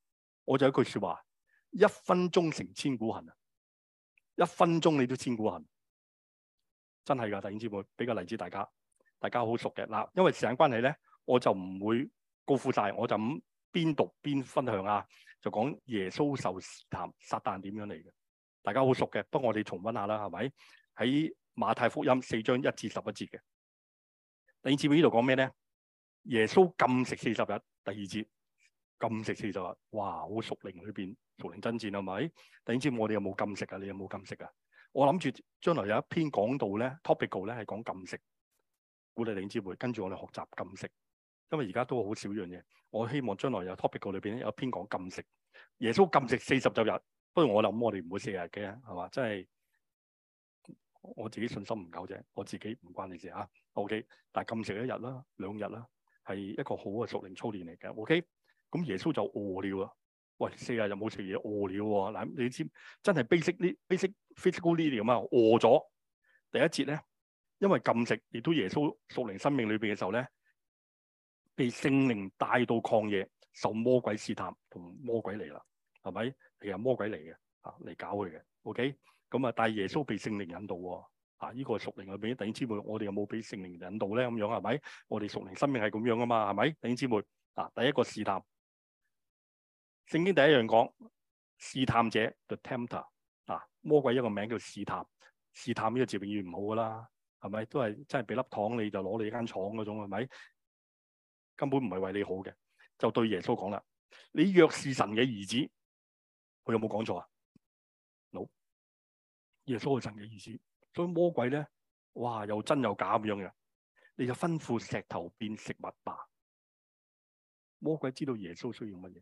我就有一句說話，一分鐘成千古恨啊！一分鐘你都千古恨，真係噶！弟兄姊妹，俾個例子大家，大家好熟嘅嗱。因為時間關係咧，我就唔會告負晒，我就邊讀邊分享啊！就講耶穌受試探，撒但點樣嚟嘅？大家好熟嘅，不過我哋重温下啦，係咪？喺馬太福音四章一至十一節嘅，第二節呢度講咩咧？耶穌禁食四十日，第二節禁食四十日，哇！好屬靈裏面，靈，裏邊屬靈爭戰係咪？你知唔知我哋有冇禁食啊？你有冇禁食啊？我諗住將來有一篇講道咧，topic 係講禁食，鼓勵你知唔知跟住我哋學習禁食。因為而家都好少樣嘢，我希望將來有 topic 裏裏邊咧有一篇講禁食，耶穌禁食四十就日。不過我諗我哋唔會四日嘅，係嘛？真係我自己信心唔夠啫，我自己唔關你事嚇。OK，但係禁食一日啦、兩日啦，係一個好嘅屬靈操練嚟嘅。OK，咁耶穌就餓了。喂，四十日就冇食嘢，餓了喎。嗱，你知真係 basic 呢？basic，basic 嗰啲嘢啊嘛，餓咗第一節咧，因為禁食亦都耶穌屬靈生命裏邊嘅時候咧。被聖靈帶到曠野，受魔鬼試探同魔鬼嚟啦，係咪？其實魔鬼嚟嘅吓，嚟、啊、搞佢嘅。OK，咁啊，但係耶穌被聖靈引導喎。啊，這個、靈面有有靈呢個屬靈係俾弟兄姊妹，我哋又冇俾聖靈引導咧，咁樣係咪？我哋屬靈生命係咁樣啊嘛，係咪？弟兄姊妹，啊，第一個試探，聖經第一樣講，試探者 the tempter 啊，魔鬼一個名叫試探，試探呢個字永遠唔好噶啦，係咪？都係真係俾粒糖你就攞你間廠嗰種，係咪？根本唔係為你好嘅，就對耶穌講啦，你若是神嘅兒子，佢有冇講錯啊？No，耶穌係神嘅兒子，所以魔鬼咧，哇，又真又假咁樣嘅，你就吩咐石頭變食物吧。魔鬼知道耶穌需要乜嘢，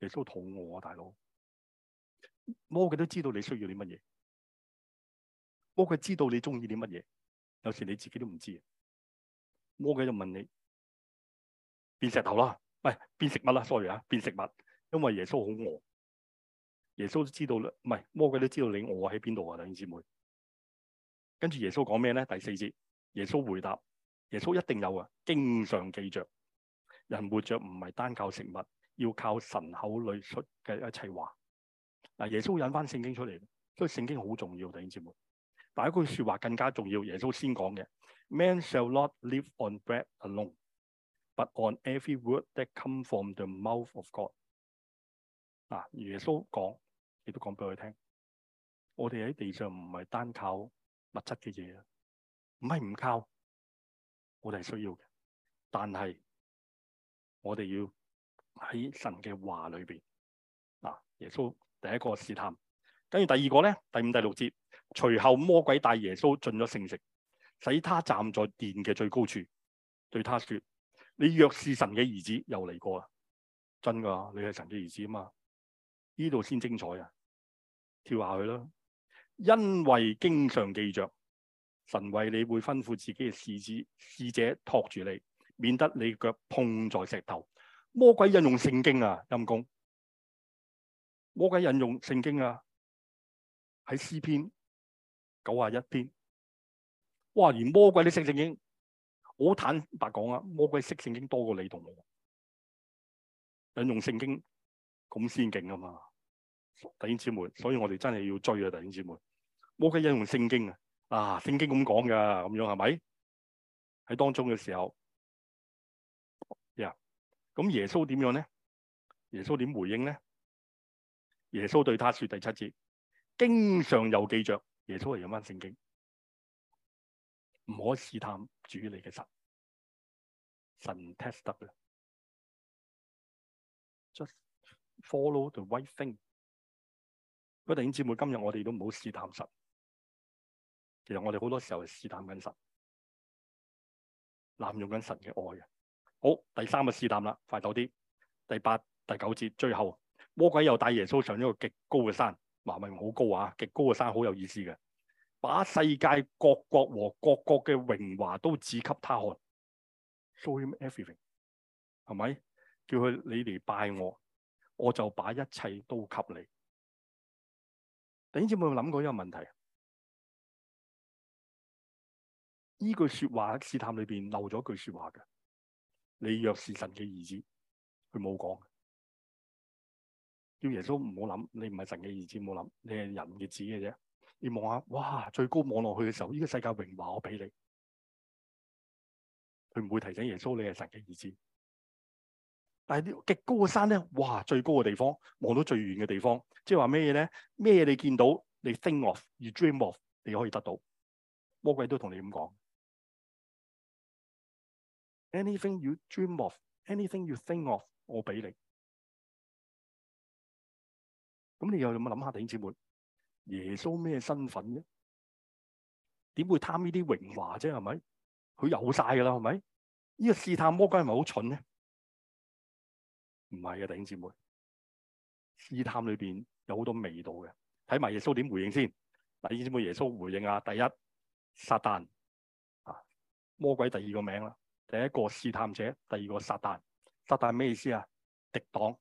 耶穌肚餓啊，大佬，魔鬼都知道你需要啲乜嘢，魔鬼知道你中意啲乜嘢，有時你自己都唔知，魔鬼就問你。變石頭啦，唔係變食物啦，sorry 啊，變食物，了 sorry, 變食物了，因為耶穌好餓，耶穌知道啦，唔係魔鬼都知道你餓喺邊度啊，弟兄姐妹。跟住耶穌講咩咧？第四節，耶穌回答，耶穌一定有啊，經常記着，人活着唔係單靠食物，要靠神口裏出嘅一切話。嗱，耶穌引翻聖經出嚟，所以聖經好重要，弟兄姐妹。但一句說話更加重要，耶穌先講嘅，Man shall not live on bread alone。But on every word that come from the mouth of God 啊，耶穌講，亦都講俾我哋聽。我哋喺地上唔係單靠物質嘅嘢啊，唔係唔靠，我哋係需要嘅。但係我哋要喺神嘅話裏邊啊。耶穌第一個試探，跟住第二個呢，第五、第六節，隨後魔鬼帶耶穌進咗聖城，使他站在殿嘅最高處，對他說：你若是神嘅兒子，又嚟過啦，真噶，你係神嘅兒子啊嘛，呢度先精彩啊，跳下去啦，因為經上記着神為你會吩咐自己嘅使子使者托住你，免得你腳碰在石頭。魔鬼引用聖經啊，陰公，魔鬼引用聖經啊，喺詩篇九十一篇，哇，連魔鬼都識聖經。好坦白講啊，魔鬼識聖經多過你同我引用聖經咁先勁啊嘛，弟兄姊妹，所以我哋真係要追啊，弟兄姊妹。魔鬼引用聖經啊，啊，聖經咁講噶，咁樣係咪？喺當中嘅時候，呀，咁耶穌點樣咧？耶穌點回應咧？耶穌對他說，第七節，經上有記着，耶穌係用翻聖經。唔可以試探主你嘅神，神 test 得嘅，just follow the right thing。各位弟兄姊妹，今日我哋都唔好試探神。其實我哋好多時候係試探緊神，濫用緊神嘅愛啊！好，第三個試探啦，快走啲！第八、第九節，最後魔鬼又帶耶穌上咗個極高嘅山，唔係好高啊，極高嘅山好有意思嘅。把世界各國和各國嘅榮華都指給他看，show him everything，係咪？叫佢你嚟拜我，我就把一切都給你。等於你知冇諗過一個問題？呢句說話喺試探裏邊漏咗句說話嘅。你若是神嘅兒子，佢冇講。叫耶穌唔好諗，你唔係神嘅兒子，冇諗，你係人嘅子嘅啫。你望下，哇！最高望落去嘅時候，呢、這個世界榮華，我俾你。佢唔會提醒耶穌你係神嘅兒子，但係啲極高嘅山咧，哇！最高嘅地方，望到最遠嘅地方，即係話咩嘢咧？咩嘢你見到，你 think of，you dream of，你可以得到。魔鬼都同你咁講。Anything you dream of，anything you think of，我俾你。咁你又諗下弟兄姊妹。耶穌咩身份啫？點會貪呢啲榮華啫？係咪？佢有晒噶啦，係咪？呢個試探，魔鬼係咪好蠢咧？唔係嘅，弟兄姊妹，試探裏邊有好多味道嘅。睇埋耶穌點回應先。嗱，弟兄姊妹，耶穌回應啊，第一撒旦啊，魔鬼第二個名啦。第一個試探者，第二個撒旦。撒旦咩意思啊？敵黨，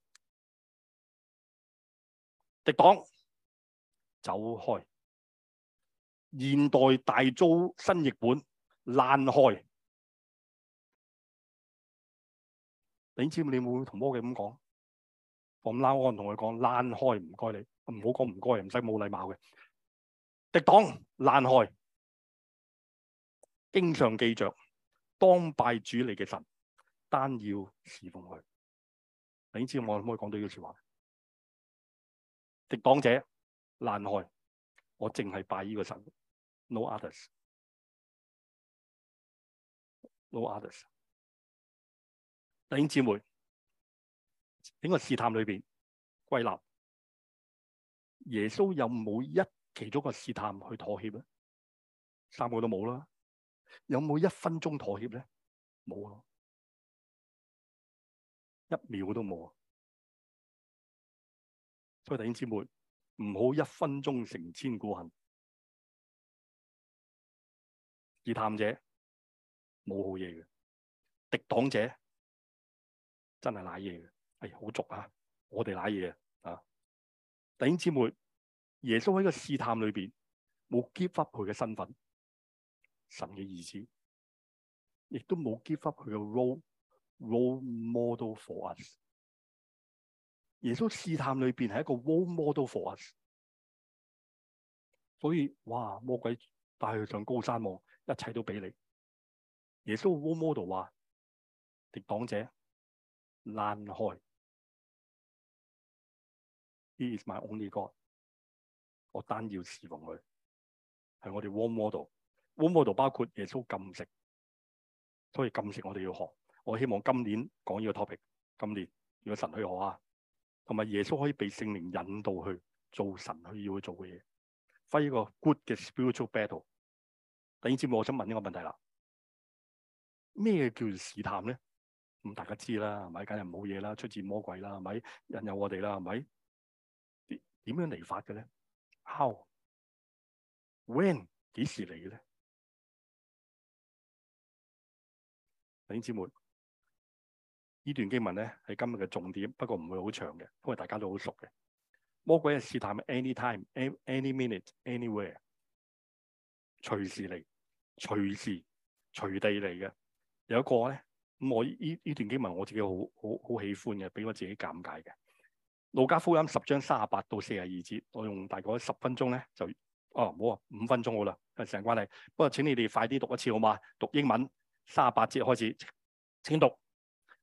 敵黨。走開！現代大租新譯本爛開，你知唔？你同魔鬼咁講，我咁啦，我同佢講爛開，唔該你，唔好講唔該，唔使冇禮貌嘅。敵黨爛開，經上記着當拜主你嘅神，單要侍奉佢。你知我可唔可以講到呢句說話？敵黨者。難害，我淨係拜呢個神，no others，no others。弟兄姊妹喺個試探裏邊歸納，耶穌有冇一其中個試探去妥協咧？三個都冇啦，有冇一分鐘妥協咧？冇咯，一秒都冇。所以弟兄姊妹。唔好一分鐘成千古恨，而探者冇好嘢嘅，敵擋者真係賴嘢嘅，哎好俗啊！我哋賴嘢啊，弟兄姊妹，耶穌喺個試探裏邊冇 give up 佢嘅身份，神嘅意思，亦都冇 give up 佢嘅 role role model for us。耶穌試探裏邊係一個 role model for us 所以哇，魔鬼帶佢上高山望，一切都俾你。耶穌 role model 話，敵擋者爛開。He is my only God，我單要侍奉佢，係我哋 role model。role model 包括耶穌禁食，所以禁食我哋要學。我希望今年講呢個 topic，今年如果神許可啊。同埋耶穌可以被聖靈引導去做神去要去做嘅嘢，揮一個 good 嘅 spiritual battle。弟兄姊妹我想問一個問題啦，咩叫做試探咧？咁大家知啦，係咪？梗係唔好嘢啦，出自魔鬼啦，係咪？引誘我哋啦，係咪？點樣嚟法嘅咧？How？When？幾時嚟嘅咧？弟兄姊妹。呢段經文咧係今日嘅重點，不過唔會好長嘅，因為大家都好熟嘅。魔鬼嘅試探，anytime，any time，any minute，anywhere，隨時嚟，隨時、隨地嚟嘅。有一個咧，咁我呢呢段經文我自己好好好喜歡嘅，俾我自己講解嘅。《路加福音》十章三十八到四十二節，我用大概十分鐘咧就哦唔好話五分鐘好啦，成關係。不過請你哋快啲讀一次好嘛？讀英文三十八節開始，請讀。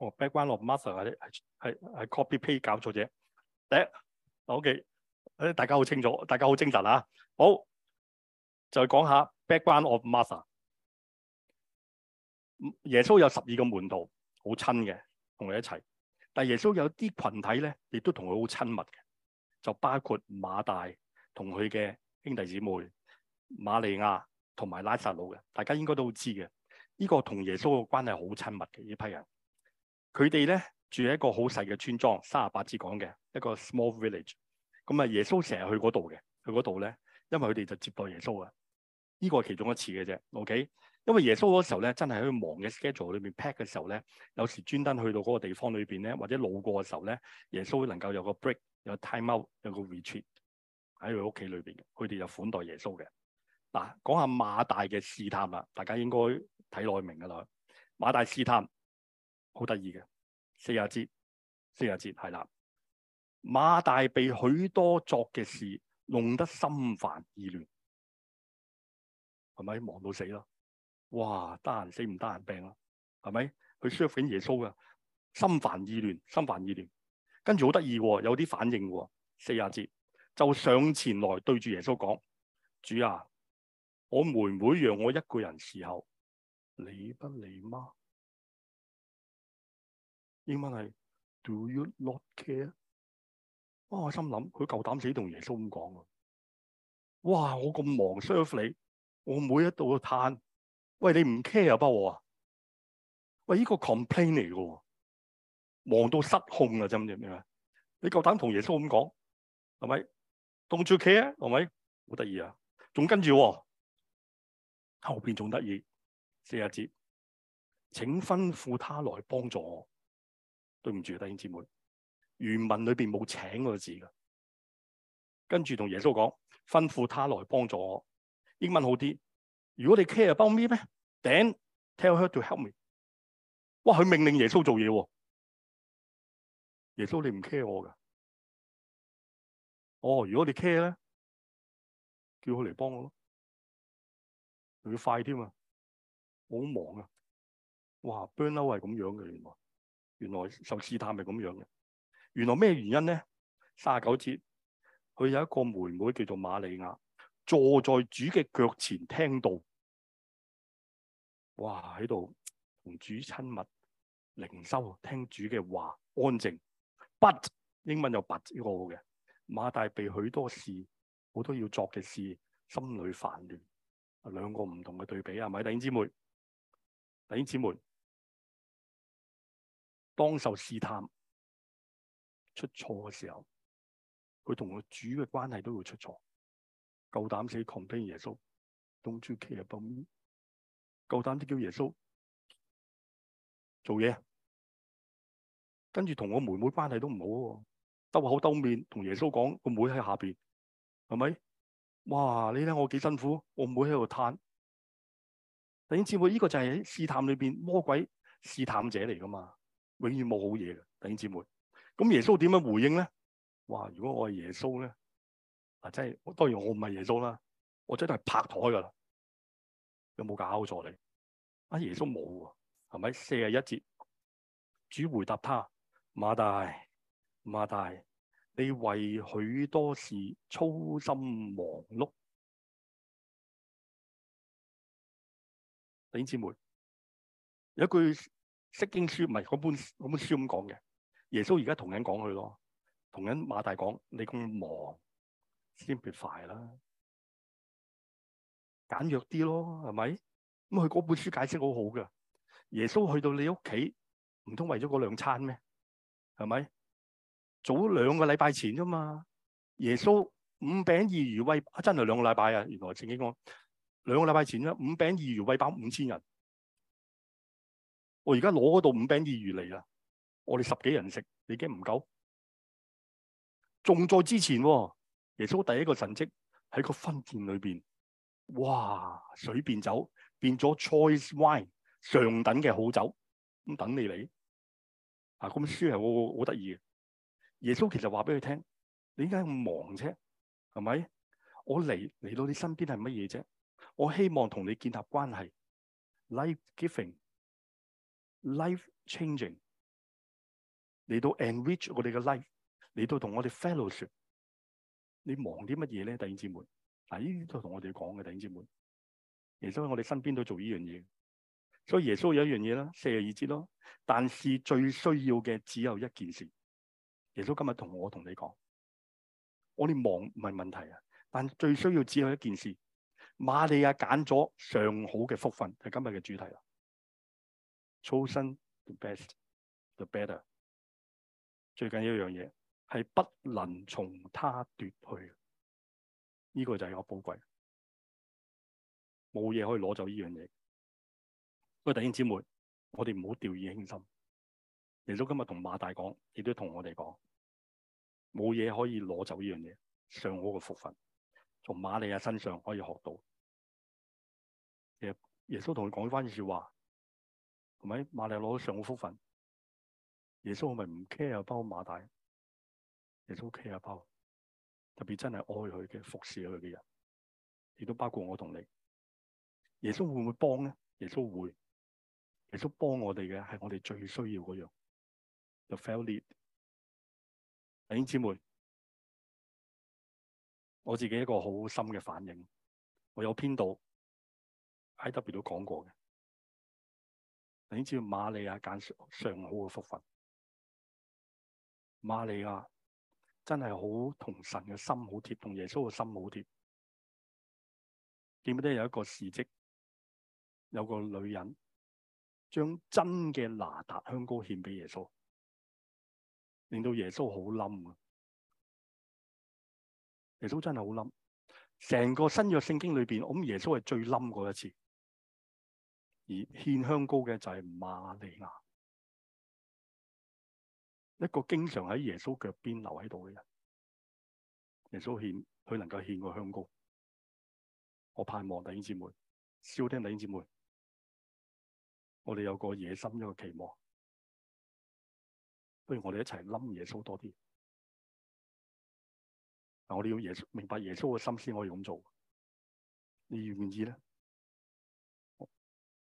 哦、oh，background of Martha 啲，係係係 copy paste 搞錯啫。第一，OK，大家好清楚，大家好精神啊。好，就講下 background of Martha。耶穌有十二個門徒，好親嘅同佢一齊。但係耶穌有啲群體咧，亦都同佢好親密嘅，就包括馬大同佢嘅兄弟姊妹、瑪利亞同埋拉撒魯嘅。大家應該都知嘅，呢、這個同耶穌嘅關係好親密嘅呢批人。佢哋咧住喺一個好細嘅村莊，三十八支港嘅一個 small village。咁啊，耶穌成日去嗰度嘅，去嗰度咧，因為佢哋就接待耶穌嘅。呢個係其中一次嘅啫，OK。因為耶穌嗰時候咧，真係喺忙嘅 schedule 裏邊 pack 嘅時候咧，有時專登去到嗰個地方裏邊咧，或者路過嘅時候咧，耶穌能夠有個 break，有個 timeout，有個 retreat 喺佢屋企裏邊。佢哋有款待耶穌嘅。嗱、啊，講下馬大嘅試探啦，大家應該睇內明噶啦。馬大試探。好得意嘅四十節，四十節係啦。馬大被許多作嘅事弄得心煩意亂，係咪忙到死咯？哇！得閒死唔得閒病啦，係咪佢 serve 緊耶穌噶？心煩意亂，心煩意亂，跟住好得意，有啲反應。四十節就上前來對住耶穌講：主啊，我妹妹讓我一個人侍候，理不理嗎？英文係 Do you not care？哇！我心諗佢夠膽死，同耶穌咁講啊！哇！我咁忙 serve 你，我每一度都嘆，喂，你唔 care 啊？不我啊？喂呢、這個 complain 嚟噶，忙到失控啊！真啲咩啊？你夠膽同耶穌咁講，係咪 Don't you care？係咪？好得意啊！仲跟住後邊仲得意四十節，請吩咐他來幫助我。對唔住，弟兄姊妹，原文裏邊冇請個字噶。跟住同耶穌講，吩咐他來幫助我。英文好啲，如果你 care about me 咩 Then tell her to help me。哇，佢命令耶穌做嘢喎。耶穌你唔 care 我噶？哦，如果你 care 咧，叫佢嚟幫我咯。仲要快添啊！我好忙啊。哇，burnout 係咁樣嘅原原來受試探係咁樣嘅，原來咩原因咧？三十九節，佢有一個妹妹叫做瑪利亞，坐在主嘅腳前聽道，哇，喺度同主親密、靈修、聽主嘅話，安靜。But 英文有 but 呢個嘅馬大被許多事、好多要作嘅事，心裏煩亂。兩個唔同嘅對比啊，係咪？弟兄姊妹，弟兄姊妹。當受試探出錯嘅時候，佢同個主嘅關係都會出錯。夠膽死 calling 耶穌，don’t you care about me？夠膽啲叫耶穌做嘢，跟住同我妹妹關係都唔好，兜口兜面同耶穌講個妹喺下邊，係咪？哇，你睇我幾辛苦，我妹喺度嘆。弟兄姊妹，呢、這個就係喺試探裏邊魔鬼試探者嚟噶嘛？永遠冇好嘢嘅，弟兄姊妹。咁耶穌點樣回應咧？哇！如果我係耶穌咧，啊，真係，當然我唔係耶穌啦，我真係拍台噶啦。有冇搞錯你？啊，耶穌冇喎，係咪？四十一節，主回答他：馬大，馬大，你為許多事操心忙碌。弟兄姊妹，有一句。釋經書唔係嗰本本書咁講嘅。耶穌而家同人講佢咯，同人馬大講你咁忙，先別快啦，簡約啲咯，係咪？咁佢嗰本書解釋好好嘅。耶穌去到你屋企，唔通為咗嗰兩餐咩？係咪？早兩個禮拜前啫嘛，耶穌五餅二魚餵、啊、真係兩個禮拜啊，原來正經講兩個禮拜前啦，五餅二魚餵飽五千人。我而家攞嗰度五餅二魚嚟啦，我哋十幾人食，你驚唔夠。仲在之前、哦，耶穌第一個神蹟喺個婚宴裏邊，哇，水變酒，變咗 choice wine，上等嘅好酒，咁等你嚟。啊，咁書係好好得意嘅。耶穌其實話俾佢聽，你點解咁忙啫？係咪？我嚟嚟到你身邊係乜嘢啫？我希望同你建立關係，life giving。Life-changing 嚟到 enrich life，到我哋嘅 life 嚟到同我哋 fellowship。你忙啲乜嘢咧？弟兄姊妹，嗱呢啲都同我哋講嘅，弟兄姊妹。耶穌喺我哋身邊都做呢樣嘢，所以耶穌有一樣嘢啦，四啊二節咯。但是最需要嘅只有一件事。耶穌今日同我同你講，我哋忙唔係問題啊，但最需要只有一件事。瑪利亞揀咗上好嘅福分，係今日嘅主題啦。選擇 the best，the better。最緊要一樣嘢係不能從他奪去，呢、這個就係我寶貴，冇嘢可以攞走呢樣嘢。各位弟兄姊妹，我哋唔好掉以輕心。耶穌今日同馬大講，亦都同我哋講，冇嘢可以攞走呢樣嘢。上好嘅福分，從瑪利亞身上可以學到。其實耶穌同佢講翻一句話。係咪馬利亞攞上好福分？耶穌係咪唔 care 包馬大？耶穌 care 包，特別真係愛佢嘅、服侍佢嘅人，亦都包括我同你。耶穌會唔會幫咧？耶穌會，耶穌幫我哋嘅係我哋最需要嗰樣。就 f i l l it，弟兄姊妹，我自己一個好深嘅反應，我有篇道喺特別都講過嘅。你知唔知瑪利亞揀上好嘅福分？瑪利亞真係好同神嘅心好貼，同耶穌嘅心好貼。記得有一個事蹟，有個女人將真嘅拿達香膏獻俾耶穌，令到耶穌好冧啊！耶穌真係好冧，成個新約聖經裏邊，我諗耶穌係最冧嗰一次。而獻香膏嘅就係瑪利亞，一個經常喺耶穌腳邊留喺度嘅人，耶穌獻，佢能夠獻個香膏。我盼望弟兄姊妹，燒聽弟兄姊妹，我哋有個野心一個期望，不如我哋一齊冧耶穌多啲。但我哋要耶穌明白耶穌嘅心思，先可以咁做。你願唔願意咧？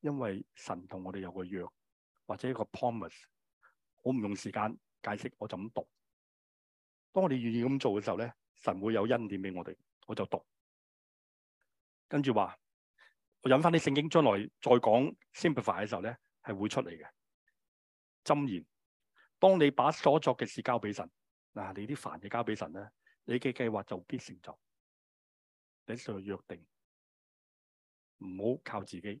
因為神同我哋有個約或者一個 promise，我唔用時間解釋，我就咁讀。當我哋願意咁做嘅時候咧，神會有恩典俾我哋。我就讀，跟住話，我引翻啲聖經將來再講 Simplify 嘅時候咧，係會出嚟嘅。箴言：當你把所作嘅事交俾神，嗱你啲煩嘢交俾神咧，你嘅計劃就必成就。你就約定，唔好靠自己。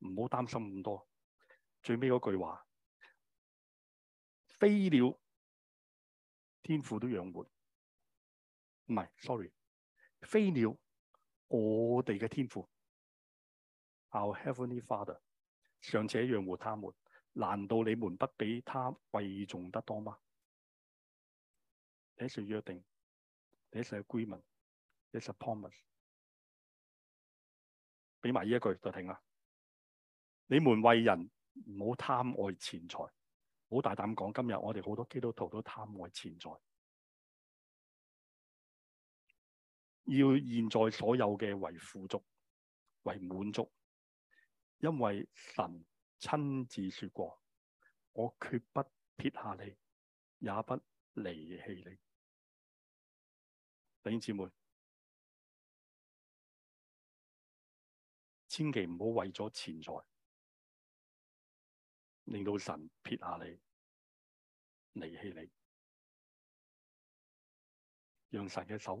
唔好擔心咁多，最尾嗰句話，飛鳥天父都養活，唔係，sorry，飛鳥我哋嘅天父，Our Heavenly Father，尚且養活他們，難道你們不比他貴重得多嗎？這是約定，這是 agreement，這是 promise，俾埋呢一句就停啦。你們為人唔好貪愛錢財，好大膽講，今日我哋好多基督徒都貪愛錢財，要現在所有嘅為富足、為滿足，因為神親自說過：我決不撇下你，也不離棄你。弟兄姊妹，千祈唔好為咗錢財。令到神撇下你，離棄你，讓神嘅手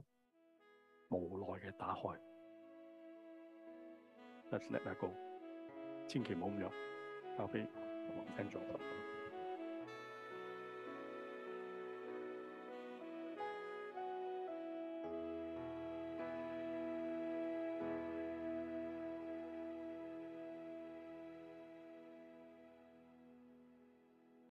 無奈嘅打開。Let's let it go，千祈唔好咁樣，交俾我聽咗。